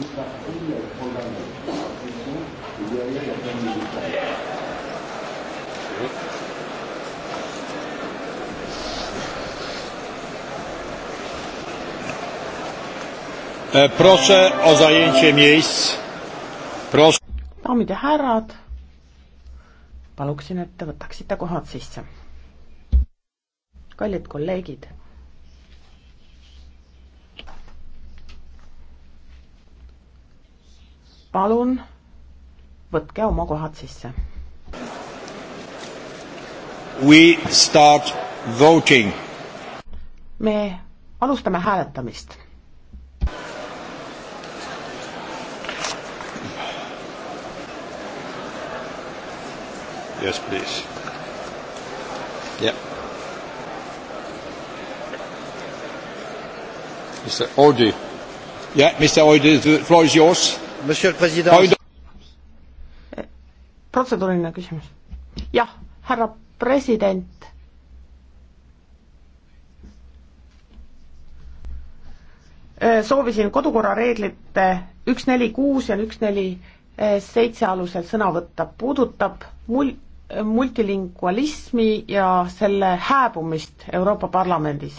bir vaktiyle programı ileriye getirebilirler. Proszę o zajęcie miejsc. Proszę. Daamid ja härrad, paluksin, et te võtaksite kohad sisse. kallid kolleegid palun võtke oma kohad sisse. We start voting. me alustame hääletamist. Yes, please. Yeah. Mr. Audi. Yeah, Mr. Audi, the floor is yours protseduuriline küsimus. jah, härra president. Äh, soovisin kodukorrareeglite üks neli kuus ja üks neli äh, seitse alusel sõna võtta, puudutab mul-, äh, multilingualismi ja selle hääbumist Euroopa Parlamendis.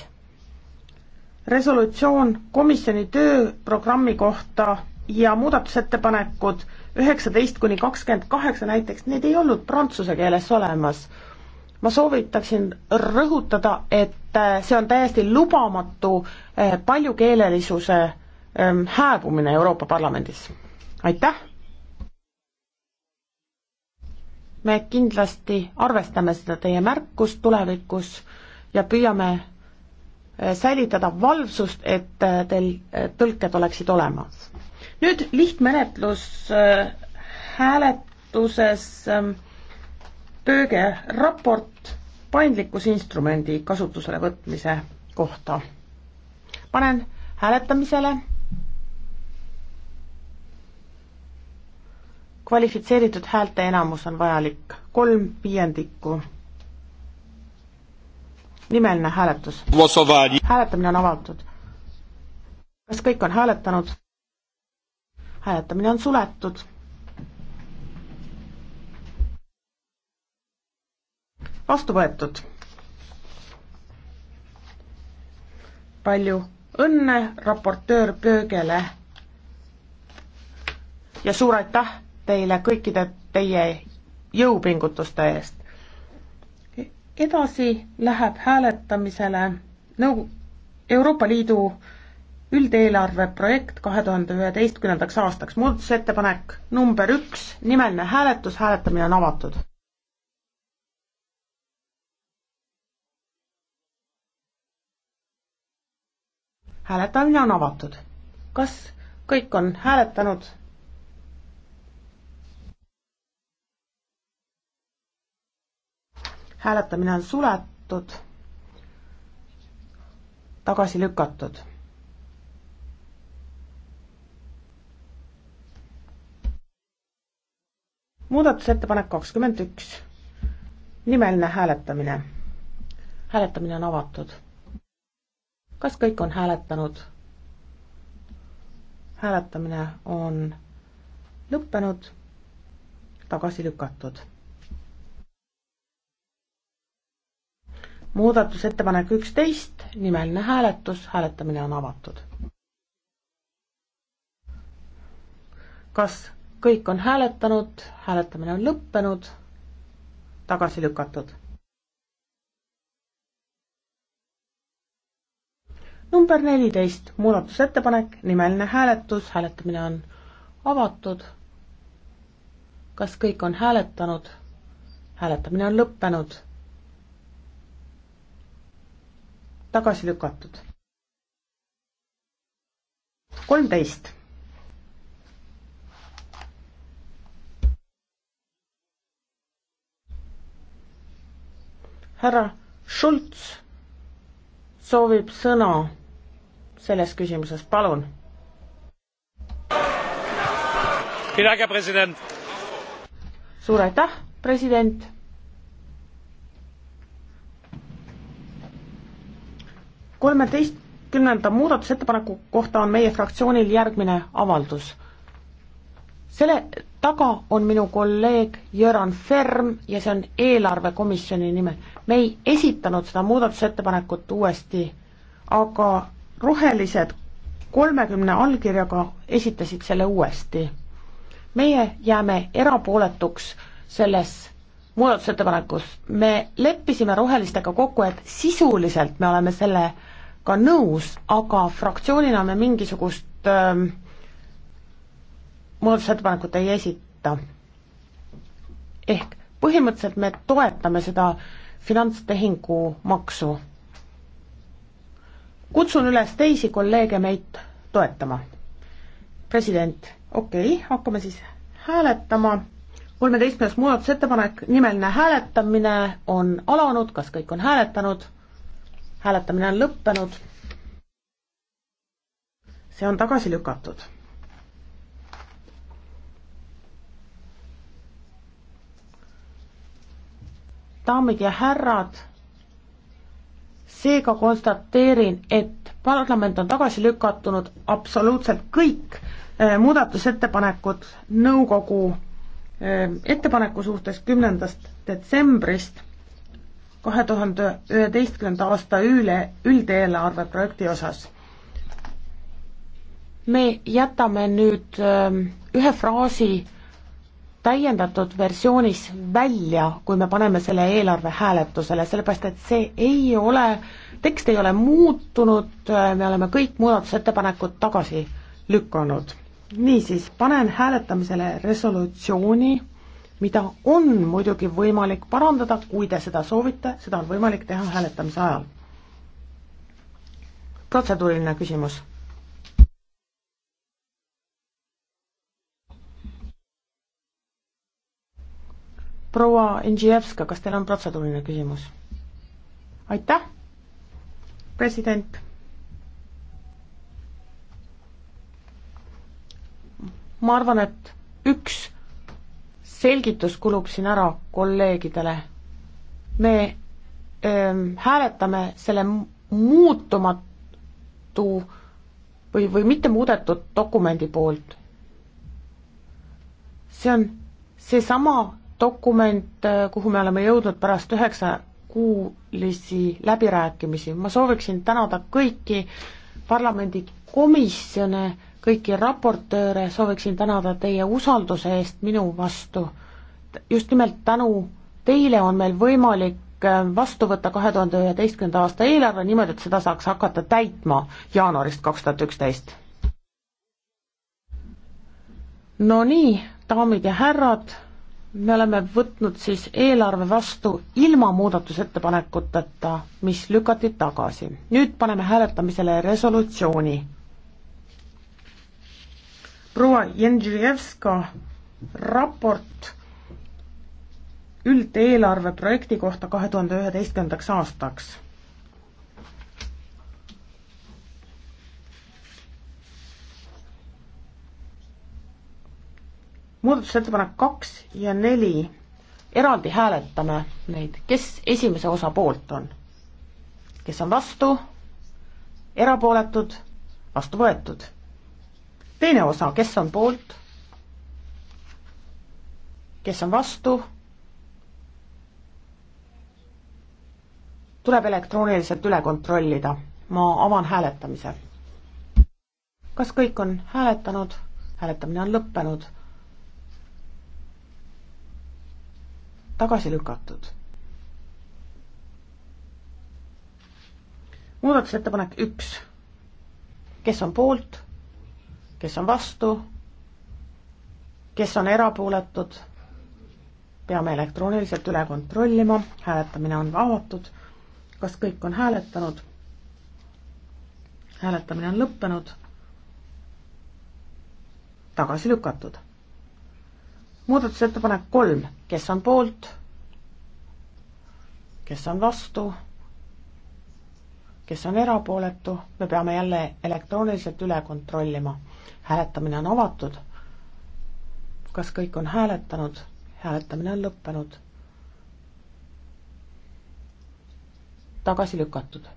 resolutsioon komisjoni tööprogrammi kohta ja muudatusettepanekud üheksateist kuni kakskümmend kaheksa näiteks, need ei olnud prantsuse keeles olemas. ma soovitaksin rõhutada, et äh, see on täiesti lubamatu äh, paljukeelelisuse ähm, hääbumine Euroopa Parlamendis. aitäh! me kindlasti arvestame seda teie märkust tulevikus ja püüame äh, säilitada valvsust, et teil tõlked oleksid olemas nüüd lihtmenetlus äh, hääletuses ähm, Pööge raport paindlikkusinstrumendi kasutusele võtmise kohta. panen hääletamisele kvalifitseeritud häälte enamus on vajalik, kolm viiendikku. nimeline hääletus. hääletamine on avatud. kas kõik on hääletanud? hääletamine on suletud. vastu võetud. palju õnne raportöör Pöögele ja suur aitäh teile kõikide teie jõupingutuste eest. edasi läheb hääletamisele nõu-, Euroopa Liidu üldeelarve projekt kahe tuhande üheteistkümnendaks aastaks, muudatusettepanek number üks, nimeline hääletus, hääletamine on avatud. hääletamine on avatud. kas kõik on hääletanud? hääletamine on suletud, tagasi lükatud muudatusettepanek kakskümmend üks. nimeline hääletamine. hääletamine on avatud. kas kõik on hääletanud? hääletamine on lõppenud, tagasi lükatud. muudatusettepanek üksteist, nimeline hääletus, hääletamine on avatud. kas kõik on hääletanud, hääletamine on lõppenud, tagasi lükatud. number neliteist, muudatusettepanek, nimeline hääletus, hääletamine on avatud. kas kõik on hääletanud? hääletamine on lõppenud. tagasi lükatud. kolmteist härra Schultz soovib sõna selles küsimuses, palun. suur aitäh, president. kolmeteistkümnenda muudatusettepaneku kohta on meie fraktsioonil järgmine avaldus selle taga on minu kolleeg Jüran Ferm ja see on eelarvekomisjoni nimel. me ei esitanud seda muudatusettepanekut uuesti, aga rohelised kolmekümne allkirjaga esitasid selle uuesti. meie jääme erapooletuks selles muudatusettepanekus, me leppisime rohelistega kokku, et sisuliselt me oleme sellega nõus, aga fraktsioonina me mingisugust öö, ähm, muudatusettepanekut ei esita. ehk põhimõtteliselt me toetame seda finantstehingu maksu. kutsun üles teisi kolleege meid toetama. president, okei okay,, hakkame siis hääletama. kolmeteistkümnes muudatusettepanek, nimeline hääletamine on alanud, kas kõik on hääletanud? hääletamine on lõppenud. see on tagasi lükatud daamid ja härrad, seega konstateerin, et parlament on tagasi lükatunud absoluutselt kõik eh, muudatusettepanekud nõukogu eh, ettepaneku suhtes kümnendast detsembrist kahe tuhande üheteistkümnenda aasta üle, üldeelarve projekti osas. me jätame nüüd eh, ühe fraasi täiendatud versioonis välja, kui me paneme selle eelarve hääletusele, sellepärast et see ei ole, tekst ei ole muutunud, me oleme kõik muudatusettepanekud tagasi lükanud. niisiis, panen hääletamisele resolutsiooni, mida on muidugi võimalik parandada, kui te seda soovite, seda on võimalik teha hääletamise ajal. protseduuriline küsimus proua Indžijevska, kas teil on protseduuriline küsimus? aitäh, president. ma arvan, et üks selgitus kulub siin ära kolleegidele. me öö, ähm, hääletame selle muutumatu või, või mitte muudetud dokumendi poolt. see on seesama dokument, kuhu me oleme jõudnud pärast üheksa kuulisi läbirääkimisi. ma sooviksin tänada kõiki parlamendi komisjone, kõiki raportööre, sooviksin tänada teie usalduse eest minu vastu. just nimelt tänu teile on meil võimalik äh, vastu võtta kahe tuhande üheteistkümnenda aasta eelarve niimoodi, et seda saaks hakata täitma jaanuarist kaks tuhat üksteist. no nii, daamid ja härrad me oleme võtnud siis eelarve vastu ilma muudatusettepanekuteta, mis lükati tagasi. nüüd paneme hääletamisele resolutsiooni. proua Jendrijevska raport üldeelarve projekti kohta kahe tuhande üheteistkümnendaks aastaks muudatusettepanek kaks ja neli, eraldi hääletame neid, kes esimese osa poolt on, kes on vastu, erapooletud, vastu võetud. teine osa, kes on poolt, kes on vastu, tuleb elektrooniliselt üle kontrollida. ma avan hääletamise. kas kõik on hääletanud? hääletamine on lõppenud tagasi lükatud. muudatusettepanek üks, kes on poolt, kes on vastu, kes on erapooletud, peame elektrooniliselt üle kontrollima, hääletamine on avatud, kas kõik on hääletanud, hääletamine on lõppenud, tagasi lükatud muudatusettepanek kolm, kes on poolt, kes on vastu, kes on erapooletu, me peame jälle elektrooniliselt üle kontrollima. hääletamine on avatud. kas kõik on hääletanud? hääletamine on lõppenud. tagasi lükatud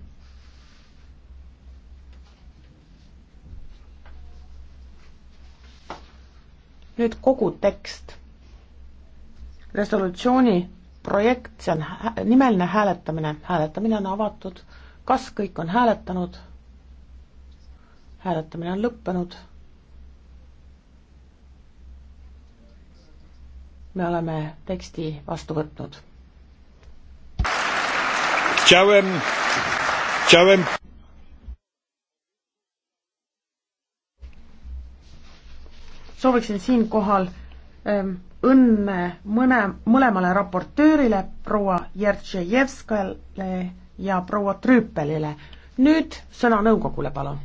nüüd kogu tekst. resolutsiooni projekt, see on hä nimeline hääletamine, hääletamine on avatud, kas kõik on hääletanud? hääletamine on lõppenud. me oleme teksti vastu võtnud. Chciałem, chciałem sooviksin siinkohal ähm, õnne mõne, mõlemale raportöörile, proua Jertšejevskale ja proua Trüüpelile. nüüd sõna nõukogule, palun.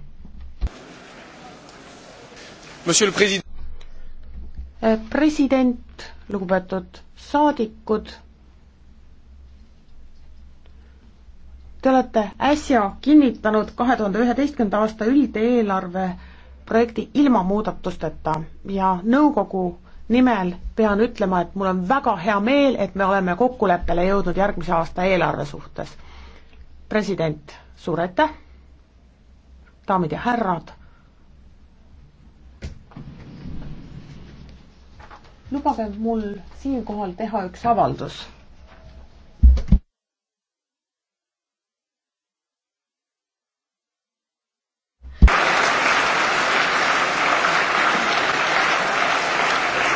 Äh, president, lugupeetud saadikud, te olete äsja kinnitanud kahe tuhande üheteistkümnenda aasta üldeelarve projekti ilma muudatusteta ja nõukogu nimel pean ütlema, et mul on väga hea meel, et me oleme kokkuleppele jõudnud järgmise aasta eelarve suhtes. president, suur aitäh, daamid ja härrad, lubage mul siinkohal teha üks avaldus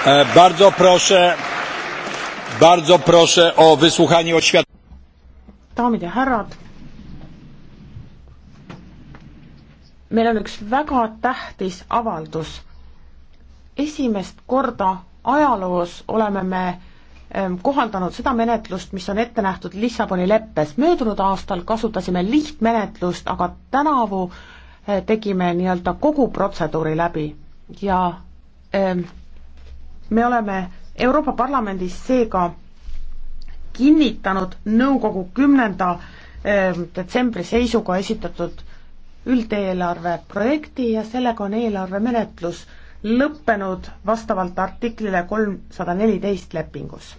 E, bardzo proszę, bardzo proszę o wysłuchanie oświadczenia. daamid ja härrad, meil on üks väga tähtis avaldus. esimest korda ajaloos oleme me e, kohaldanud seda menetlust, mis on ette nähtud Lissaboni leppes. möödunud aastal kasutasime lihtmenetlust, aga tänavu e, tegime nii-öelda kogu protseduuri läbi ja ähm, me oleme Euroopa Parlamendis seega kinnitanud nõukogu kümnenda eh, detsembri seisuga esitatud üldeelarve projekti ja sellega on eelarvemenetlus lõppenud vastavalt artiklile kolmsada neliteist lepingus